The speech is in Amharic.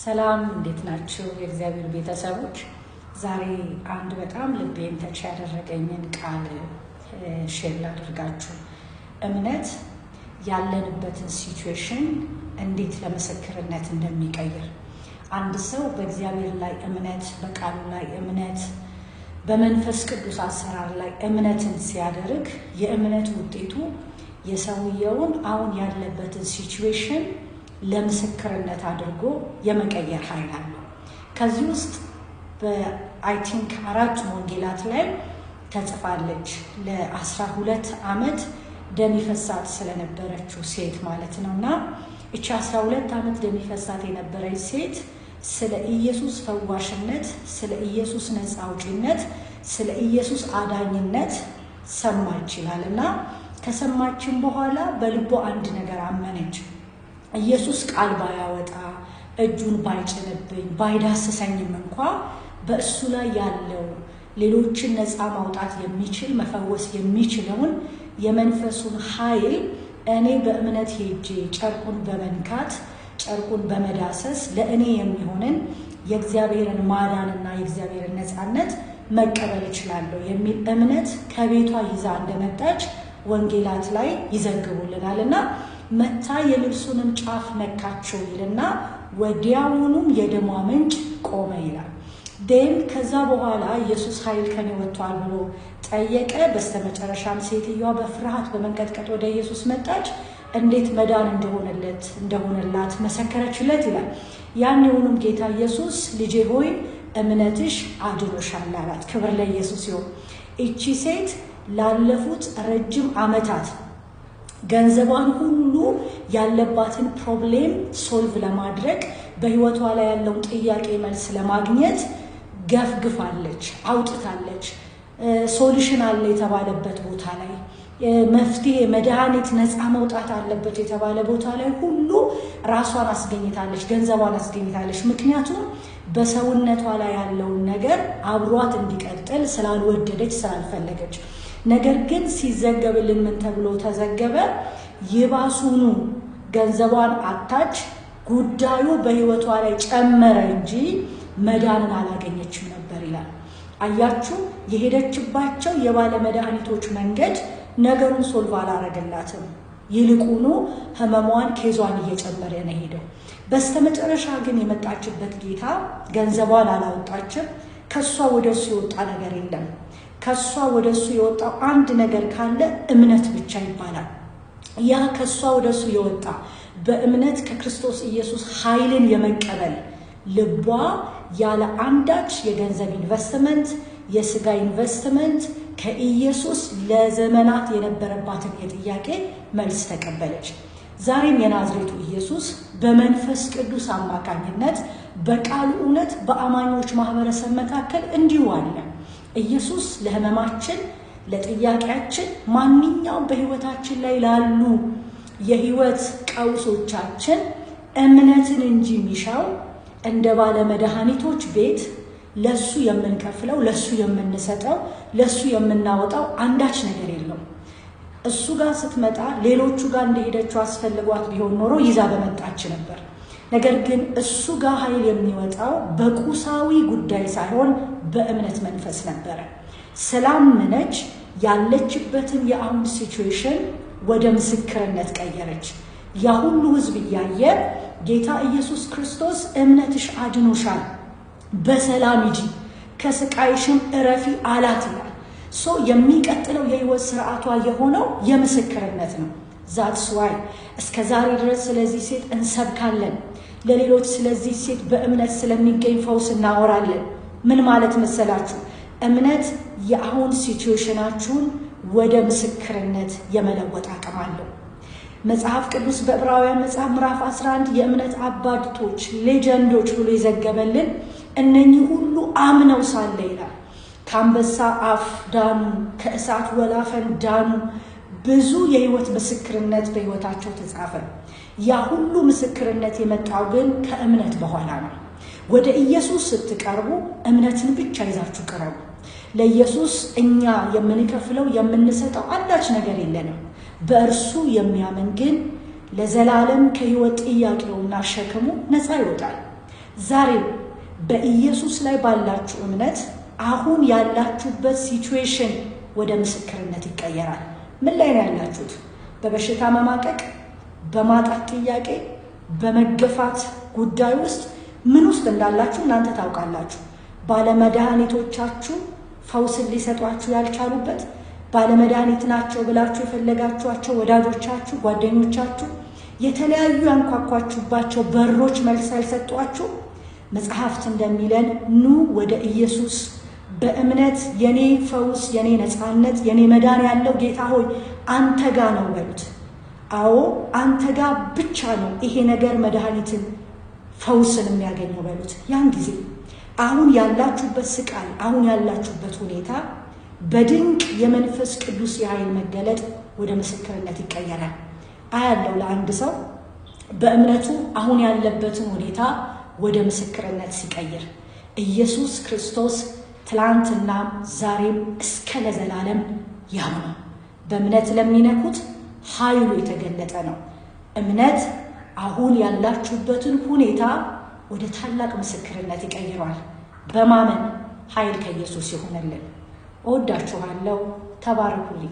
ሰላም እንዴት ናችሁ? የእግዚአብሔር ቤተሰቦች፣ ዛሬ አንድ በጣም ልቤን ተች ያደረገኝን ቃል ሼር ላደርጋችሁ። እምነት ያለንበትን ሲትዌሽን እንዴት ለምስክርነት እንደሚቀይር አንድ ሰው በእግዚአብሔር ላይ እምነት፣ በቃሉ ላይ እምነት፣ በመንፈስ ቅዱስ አሰራር ላይ እምነትን ሲያደርግ የእምነት ውጤቱ የሰውየውን አሁን ያለበትን ሲትዌሽን ለምስክርነት አድርጎ የመቀየር ኃይል አለው። ከዚህ ውስጥ በአይቲንክ አራት ወንጌላት ላይ ተጽፋለች። ለአስራ ሁለት ዓመት ደም ይፈሳት ስለነበረችው ሴት ማለት ነው እና እቺ አስራ ሁለት ዓመት ደም ይፈሳት የነበረች ሴት ስለ ኢየሱስ ፈዋሽነት፣ ስለ ኢየሱስ ነፃ አውጪነት፣ ስለ ኢየሱስ አዳኝነት ሰማች ይላል እና ከሰማችን በኋላ በልቦ አንድ ነገር አመነች። ኢየሱስ ቃል ባያወጣ እጁን ባይጭንብኝ ባይዳስሰኝም እንኳ በእሱ ላይ ያለው ሌሎችን ነፃ ማውጣት የሚችል መፈወስ የሚችለውን የመንፈሱን ኃይል እኔ በእምነት ሄጄ ጨርቁን በመንካት ጨርቁን በመዳሰስ ለእኔ የሚሆንን የእግዚአብሔርን ማዳንና የእግዚአብሔርን ነፃነት መቀበል እችላለሁ የሚል እምነት ከቤቷ ይዛ እንደመጣች ወንጌላት ላይ ይዘግቡልናል እና መታ የልብሱንም ጫፍ ነካቸው ይልና ወዲያውኑም የደሟ ምንጭ ቆመ ይላል። ደም ከዛ በኋላ ኢየሱስ ኃይል ከኔ ወጥቷል ብሎ ጠየቀ። በስተመጨረሻም ሴትዮዋ በፍርሃት በመንቀጥቀጥ ወደ ኢየሱስ መጣች። እንዴት መዳን እንደሆነለት እንደሆነላት መሰከረችለት ይላል። የሆኑም ጌታ ኢየሱስ ልጄ ሆይ እምነትሽ አድኖሻል አላት። ክብር ለኢየሱስ ይሁን። ይቺ ሴት ላለፉት ረጅም ዓመታት ገንዘቧን ሁሉ ያለባትን ፕሮብሌም ሶልቭ ለማድረግ በህይወቷ ላይ ያለውን ጥያቄ መልስ ለማግኘት ገፍግፋለች፣ አውጥታለች። ሶሉሽን አለ የተባለበት ቦታ ላይ መፍትሄ፣ መድኃኒት ነፃ መውጣት አለበት የተባለ ቦታ ላይ ሁሉ ራሷን አስገኝታለች፣ ገንዘቧን አስገኝታለች። ምክንያቱም በሰውነቷ ላይ ያለውን ነገር አብሯት እንዲቀጥል ስላልወደደች ስላልፈለገች ነገር ግን ሲዘገብልን ምን ተብሎ ተዘገበ? ይባሱኑ ገንዘቧን አታች ጉዳዩ በህይወቷ ላይ ጨመረ እንጂ መዳንን አላገኘችም ነበር ይላል። አያችሁ፣ የሄደችባቸው የባለመድኃኒቶች መንገድ ነገሩን ሶልቭ አላረገላትም። ይልቁኑ ህመሟን፣ ኬዟን እየጨመረ ነው ሄደው። በስተመጨረሻ ግን የመጣችበት ጌታ ገንዘቧን አላወጣችም። ከእሷ ወደ እሱ የወጣ ነገር የለም። ከእሷ ወደ እሱ የወጣው አንድ ነገር ካለ እምነት ብቻ ይባላል። ያ ከእሷ ወደ እሱ የወጣ በእምነት ከክርስቶስ ኢየሱስ ኃይልን የመቀበል ልቧ ያለ አንዳች የገንዘብ ኢንቨስትመንት፣ የስጋ ኢንቨስትመንት ከኢየሱስ ለዘመናት የነበረባትን የጥያቄ መልስ ተቀበለች። ዛሬም የናዝሬቱ ኢየሱስ በመንፈስ ቅዱስ አማካኝነት በቃሉ እውነት በአማኞች ማህበረሰብ መካከል እንዲሁ አለ። ኢየሱስ ለህመማችን፣ ለጥያቄያችን፣ ማንኛውም በህይወታችን ላይ ላሉ የህይወት ቀውሶቻችን እምነትን እንጂ የሚሻው እንደ ባለመድኃኒቶች ቤት ለሱ የምንከፍለው ለሱ የምንሰጠው ለሱ የምናወጣው አንዳች ነገር የለውም። እሱ ጋር ስትመጣ ሌሎቹ ጋር እንደሄደችው አስፈልጓት ቢሆን ኖሮ ይዛ በመጣች ነበር። ነገር ግን እሱ ጋር ኃይል የሚወጣው በቁሳዊ ጉዳይ ሳይሆን በእምነት መንፈስ ነበረ። ስላመነች ያለችበትን የአሁን ሲቹዌሽን ወደ ምስክርነት ቀየረች። ያ ሁሉ እያየ ጌታ ኢየሱስ ክርስቶስ እምነትሽ አድኖሻል፣ በሰላም ሂጂ፣ ከስቃይሽም እረፊ አላት ይላል። ሶ የሚቀጥለው የህይወት ስርዓቷ የሆነው የምስክርነት ነው። ዛትስ ዋይ እስከ ዛሬ ድረስ ስለዚህ ሴት እንሰብካለን። ለሌሎች ስለዚህ ሴት በእምነት ስለሚገኝ ፈውስ እናወራለን። ምን ማለት መሰላችሁ? እምነት የአሁን ሲትዌሽናችሁን ወደ ምስክርነት የመለወጥ አቅም አለው። መጽሐፍ ቅዱስ በዕብራውያን መጽሐፍ ምዕራፍ 11 የእምነት አባቶች ሌጀንዶች ብሎ የዘገበልን እነኚህ ሁሉ አምነው ሳለ ይላል ከአንበሳ አፍ ዳኑ፣ ከእሳት ወላፈን ዳኑ ብዙ የህይወት ምስክርነት በህይወታቸው ተጻፈ። ያ ሁሉ ምስክርነት የመጣው ግን ከእምነት በኋላ ነው። ወደ ኢየሱስ ስትቀርቡ እምነትን ብቻ ይዛችሁ ቅረቡ። ለኢየሱስ እኛ የምንከፍለው የምንሰጠው አንዳች ነገር የለንም። በእርሱ የሚያምን ግን ለዘላለም ከህይወት ጥያቄውና ሸክሙ ነፃ ይወጣል። ዛሬ በኢየሱስ ላይ ባላችሁ እምነት አሁን ያላችሁበት ሲቹዌሽን ወደ ምስክርነት ይቀየራል። ምን ላይ ነው ያላችሁት? በበሽታ መማቀቅ፣ በማጣት ጥያቄ፣ በመገፋት ጉዳይ ውስጥ ምን ውስጥ እንዳላችሁ እናንተ ታውቃላችሁ። ባለመድኃኒቶቻችሁ ፈውስን ሊሰጧችሁ ያልቻሉበት ባለመድኃኒት ናቸው ብላችሁ የፈለጋችኋቸው ወዳጆቻችሁ፣ ጓደኞቻችሁ የተለያዩ ያንኳኳችሁባቸው በሮች መልስ ያልሰጧችሁ መጽሐፍት እንደሚለን ኑ ወደ ኢየሱስ በእምነት የኔ ፈውስ፣ የኔ ነፃነት፣ የኔ መዳን ያለው ጌታ ሆይ አንተ ጋ ነው በሉት። አዎ አንተ ጋ ብቻ ነው ይሄ ነገር መድኃኒትን ፈውስን የሚያገኘው በሉት። ያን ጊዜ አሁን ያላችሁበት ስቃይ፣ አሁን ያላችሁበት ሁኔታ በድንቅ የመንፈስ ቅዱስ የኃይል መገለጥ ወደ ምስክርነት ይቀየራል። አያለው ለአንድ ሰው በእምነቱ አሁን ያለበትን ሁኔታ ወደ ምስክርነት ሲቀይር ኢየሱስ ክርስቶስ ትላንትና ዛሬም እስከ ለዘላለም ያው ነው። በእምነት ለሚነኩት ኃይሉ የተገለጠ ነው። እምነት አሁን ያላችሁበትን ሁኔታ ወደ ታላቅ ምስክርነት ይቀይሯል። በማመን ኃይል ከኢየሱስ ይሆነልን። እወዳችኋለሁ። ተባረኩልኝ።